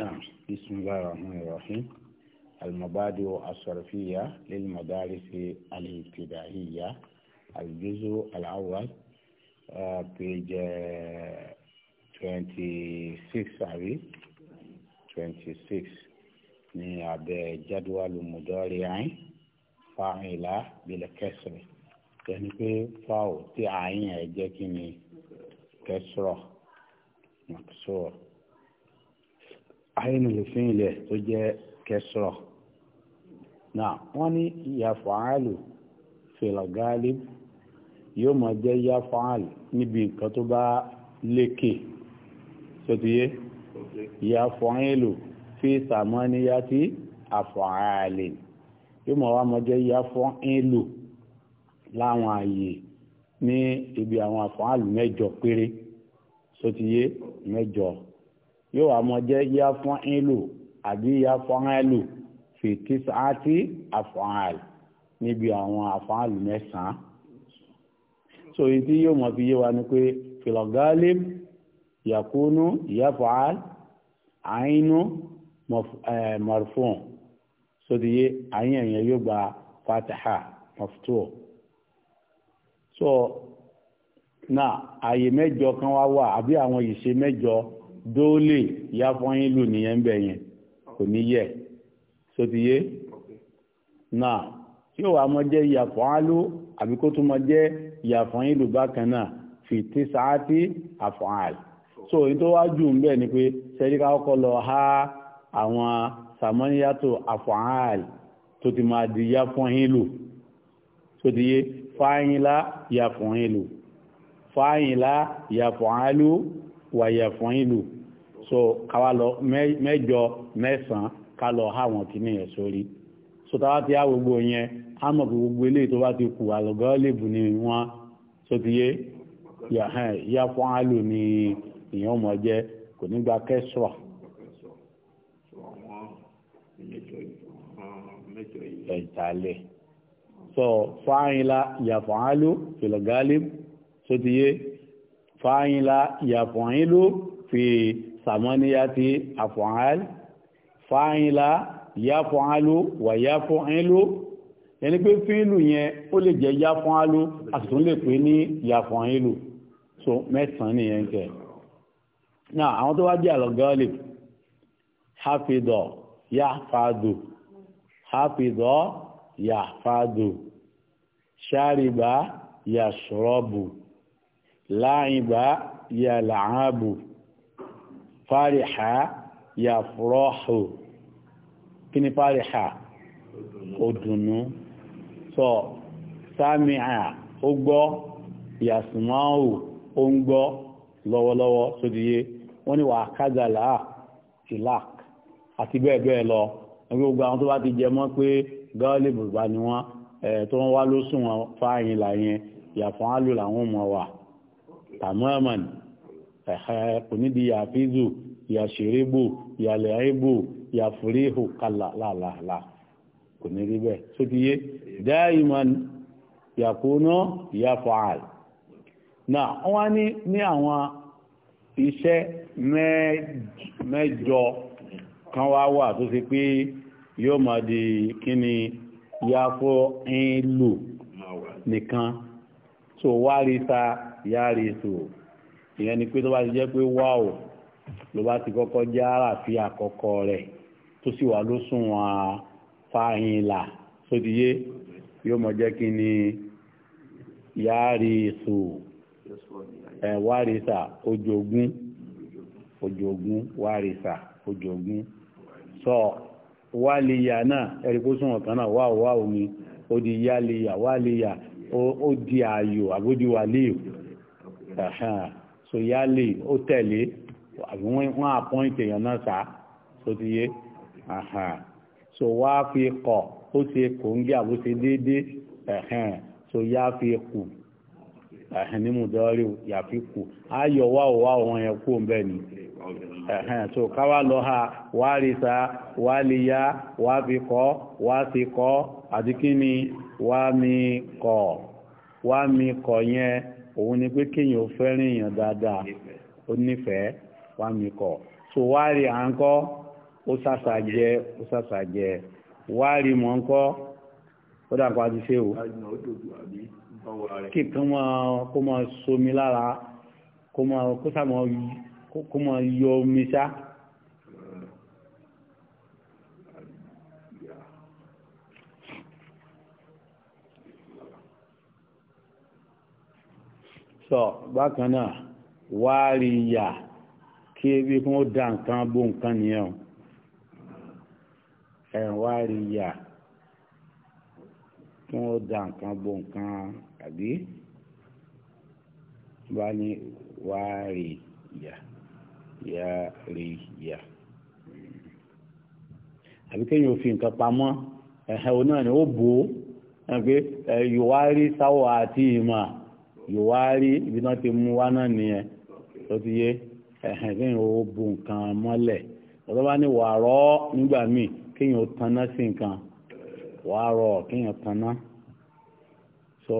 نعم بسم الله الرحمن الرحيم المبادئ الصرفية للمدارس الابتدائية الجزء الأول page 26 أبي 26 ni abẹ́ jadwalu mudari ayin fa'ila bil kasri yẹni pé fáwọ̀ tí ayin ẹ̀ jẹ́ kí ni maksur àyínú lè fi ilẹ̀ tó jẹ́ kẹsọ̀rọ̀ náà wọ́n ní yàfàálù fìlọ̀gálì yóò máa jẹ́ yàfàálù níbi nǹkan tó bá lékè sotiye yàfàálù fi sàmọ́níyàtì àfàálì yóò máa wá máa jẹ́ yàfàálù láwọn àyè ní ibi àwọn àfàálù mẹ́jọ péré sotiye mẹ́jọ péré yóò wá mọ jẹ́ yá fún ìlú àbí yá fún ìlú fi tísáàtì àfọ̀hàn níbi àwọn àfọ̀hàn mẹ́sàn-án so èyí tí yóò mọ̀ fi yé wa ni pé filogalib yakunu yafaal àyínú marfun so ti yé àyín ẹ̀yẹn yóò gba fataha maftu so na àyè mẹ́jọ kan wá wà àbí àwọn ìṣe mẹ́jọ dóòlè yáfọyín lù nìyẹn ń bẹ yẹn kò ní yẹ sotiye náà tí ó wà mọ jẹ ìyàfọ́ alú àbí kó tún mọ jẹ ìyàfọ́ lù bákan náà fi tí sáàtì àfọ́àl so èyí tó wá jù ń bẹ ni pé sẹ́ríkà ọkọ̀ lọ ha àwọn sàmọ́níyàtò àfọ́àl tó ti máa di yàfọ́ yín lù sotiye fáyínlá yàfọ́ yín lù fáyínlá yàfọ́ alú wàyẹ̀ fún ìlú so káwa lọ mẹ́jọ mẹ́sàn-án ká lọ há àwọn kìíní yẹn sórí so táwa ti há gbogbo yẹn á mọ̀ pé gbogbo eléyìí tó bá ti kù àlọ́gọ́ lèbù ni wọ́n so ti yé yà fún àlò ni ìyẹn ọmọ jẹ kò ní gba kẹsùà. ìtàlẹ̀ so fáyínlá yà fún àlò fìlọ̀gálẹ̀ so ti yé fáyínlá yàfọ̀nyílú fi sàmọ́níyàtì àfọ̀hálì fáyínlá yàfọ̀hálù wà yàfọ̀hálù ẹni pé fíìlù yẹn ó lè jẹ́ yàfọ̀hálù a sì tún lè pè ní yàfọ̀hálù so mẹ́sàn-án nìyẹn kẹ náà àwọn tó wá jẹ́ àlọ́gọ́lì hafidọ̀ yàfàdù hafidọ̀ yàfàdù ṣáàrìbá yàṣọ́rọ́bù láàyìnbá yà làábù fàríhà yà fúrọ́hù kí ni fàríhà òdùnú sọ sáàmìà ó gbọ́ yà sùmáhù ó ń gbọ́ lọ́wọ́lọ́wọ́ sódíyé wọ́n ni wà kájàlá tilak àti bẹ́ẹ̀ bẹ́ẹ̀ lọ gbogbo àwọn tó bá ti jẹ mọ́ pé gọ́ọ̀lì bùbá ni wọ́n tó wọ́n wá lóṣùn fáyín làyẹn yàfọ́n á lò làwọn mọ̀ wà tamaman onídìí yàfíìzù yàṣẹrẹbù yàlẹẹbù yàfúrẹhù kàlà làlàlà kò ní rí bẹ́ẹ̀ tó ti yé dáìman yàkúná yàfààl náà wọ́n ní ní àwọn iṣẹ́ mẹ́jọ kan wá wà tó ṣe pé yóò máa di kíni yàfọ́ ń lò nìkan tó wá rí ta yáàrí ètò ìyẹn ni pé tó bá ti jẹ́ pé wá o ló bá ti kọ́kọ́ jẹ́ àràfi àkọ́kọ́ rẹ̀ tó sì wà ló sùn wọn fàáyìnlà sódìyé yóò mọ̀ jẹ́ kí ni yáàrí ètò ẹ̀wárìsà ojogún ojogún wárìsà ojogún sọ wálìyà náà ẹ̀rí kó sùn ọ̀kan náà wá òwá òní ó di yálìyà wálìyà ó di ààyò àbódiwálé so yálì ó tẹ̀lé àbí wọ́n àpọ́ǹtì èèyàn náà sá so ti so wá fi kọ ó ti kò ń gé àbó ṣe déédéé so ya fi kù ní ya fi kù wá wá òun yẹn kú ni so káwá lọ ha wá rí sa wá lè yá wá fi kọ wá ti kọ àti kí ni wá òun ni pé kéèyàn fẹ́ràn èèyàn dáadáa ó nífẹ̀ẹ́ wá mi kọ̀ so wárí à ń kọ́ ó sàṣà jẹ ó sàṣà jẹ wárí mọ̀ ń kọ́ ó dàpọ̀ àti ṣé o kíkan kó máa somi lára kó máa kó sàmọ́ kó máa yọ omi ṣá. sọ bákan náà wárí ìyà kí ebi fún ó dá nǹkan bó nǹkan nìyẹn ẹ̀ wárí ìyà kí wọ́n da nǹkan bo nǹkan àbí bá ní wá rí yà yà rí yà àbí kéèyàn fi nǹkan pamọ́ ẹ̀hẹ́ òun náà ni ó bò ó pé ìwárí sáwọ́ àti ìmọ̀ rí ibi náà ti mú wá náà nìyẹn tó ti yé ẹ̀hẹ̀n kí ó bu nǹkan mọ́lẹ̀ ọ̀dọ́ bá ní wàárọ̀ nígbà míì kí èèyàn ó tanná sí nǹkan wàárọ̀ kí èèyàn tanná so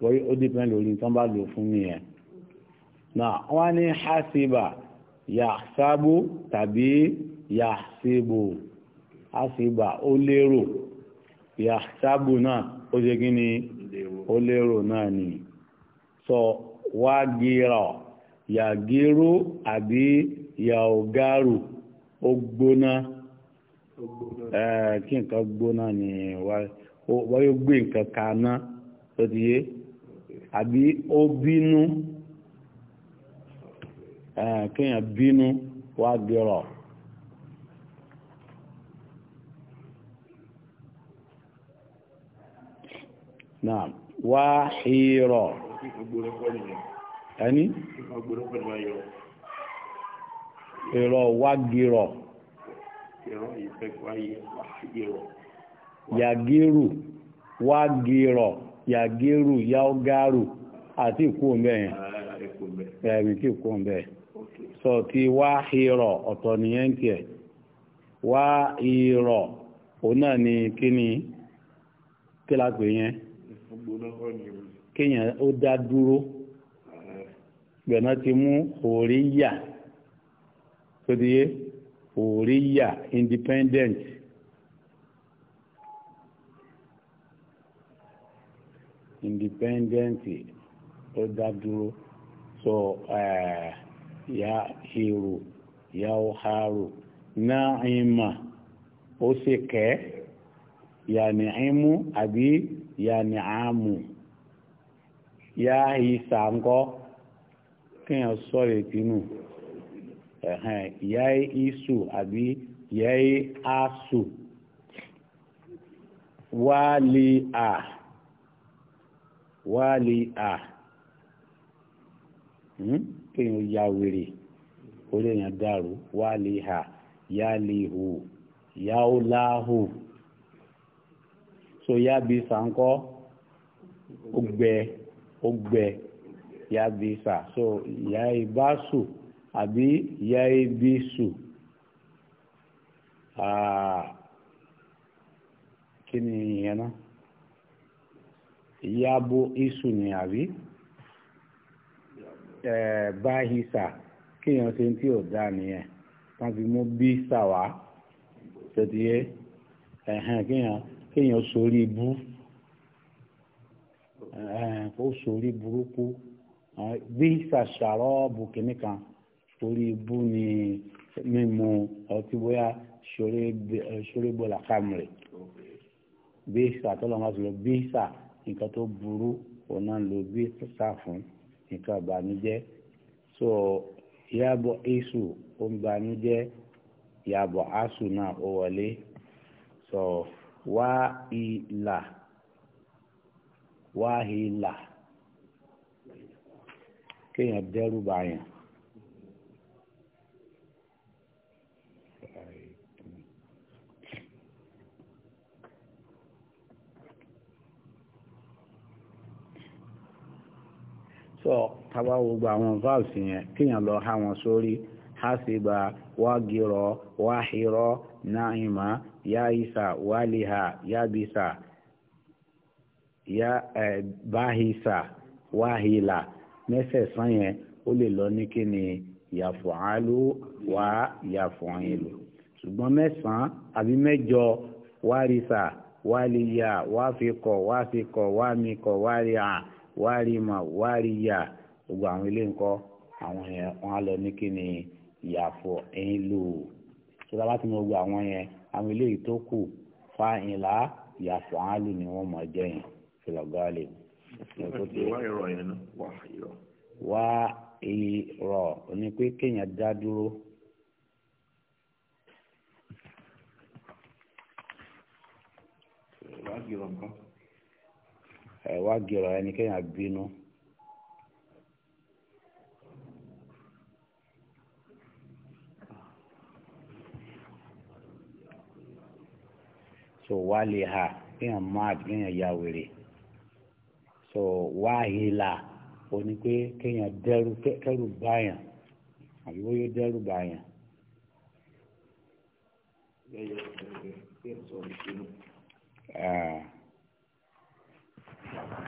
wọ́n ó hasiba tàbí hasiba ó ya náà ó ṣe kí ni ó lérò náà ni sọ wá gírọ̀ yàgírú àbí yàògárù ó gbóná kí nǹkan gbóná ni wáyé gbé nǹkan kaná tó ti yé àbí ó bínú kéèyàn bínú wá náà wá hìrọ̀ ẹni ìrọ̀ wágirọ̀ yàgírù wágirọ̀ yàgírù yáógárù àti ìkú ọ̀bẹ̀ yẹn ẹ̀mí eh, tí ìkú ọ̀bẹ̀ sọ ti wá hìrọ̀ ọ̀tọ̀ nìyẹn tiẹ̀ wá hìrọ̀ òun náà ni e. ni kí lápè yẹn kéèyàn ó dá dúró gbẹ̀nà ti mú òòrí yà tó ti yé òòrí yà independent independent ó dá dúró so eh, ya hero ya oharo náà ìmọ̀ ó sì kẹ́ yà ní ìmú àbí yà ní àmù. yá ìsà ńkọ́ kéèyàn sọrọ ètí nù ya ìsù àbí yá à wálé à hmm? kéèyàn ya wèrè orí èèyàn dàrú wálé hà yálé hù yáwó láhù so yá bí ogbe ya bi sa so ya eba su abi ya ebi su aaa kini ya na ya bu isu ni abi ɛɛ ba hi se kenyɛn senti o daa e na fi mu bi sa wa beti ihe kenyɛn kenyɛn sori bu. kó sórí burúkú bí sàṣàrọ̀ bùkínì kan orí ibú ni mímu ọtí bóyá sórí bọ́lá kàmùrè bí sàtọ́lọ́mọ́ sọ bí sà nǹkan tó burú ọ̀nà ló bí sà fún nǹkan ìbànújẹ́ so yàbọ̀ isu ó ń banújẹ́ asu náà ó wọlé so wá ìlà. wáhìlà kéèyàn dẹ́rù báyàn sọ tàbá gbogbo àwọn valves yẹn kíyàn lọ ha wọn sórí hasiba wagirọ wahirọ naima yaisa waliha yabisa ya bahisa wahila mẹ́sẹ̀sán yẹn ó lè lọ ní kí ni yàfọ̀hálù wá yàfọ̀hìnlù ṣùgbọ́n mẹ́sàn-án àbí mẹ́jọ wárìsà wálìyà wáfikọ̀ wáfikọ̀ wámikọ̀ wárìà wárìmà wárìyà gbogbo àwọn ilé ńkọ́ àwọn yẹn wọ́n á lọ ní kí ni yàfọ̀hìnlù ṣọlá bá ti mọ gbogbo àwọn yẹn àwọn ilé yìí tó kù fáìlà yàfọ̀hálù ni wọ́n mọ̀ jẹ́ filọgọọlì. wá irọ́ ni pé kéèyàn dá dúró. ẹ wá gírọ ẹni kéèyàn bínú. so wálé ha kéèyàn mad kéèyàn ya wèrè so wáhìlà ó ní pé kéèyàn dẹ́rù kẹ́rù báyàn àbí wọ́n yóò dẹ́rù báyàn. Ah.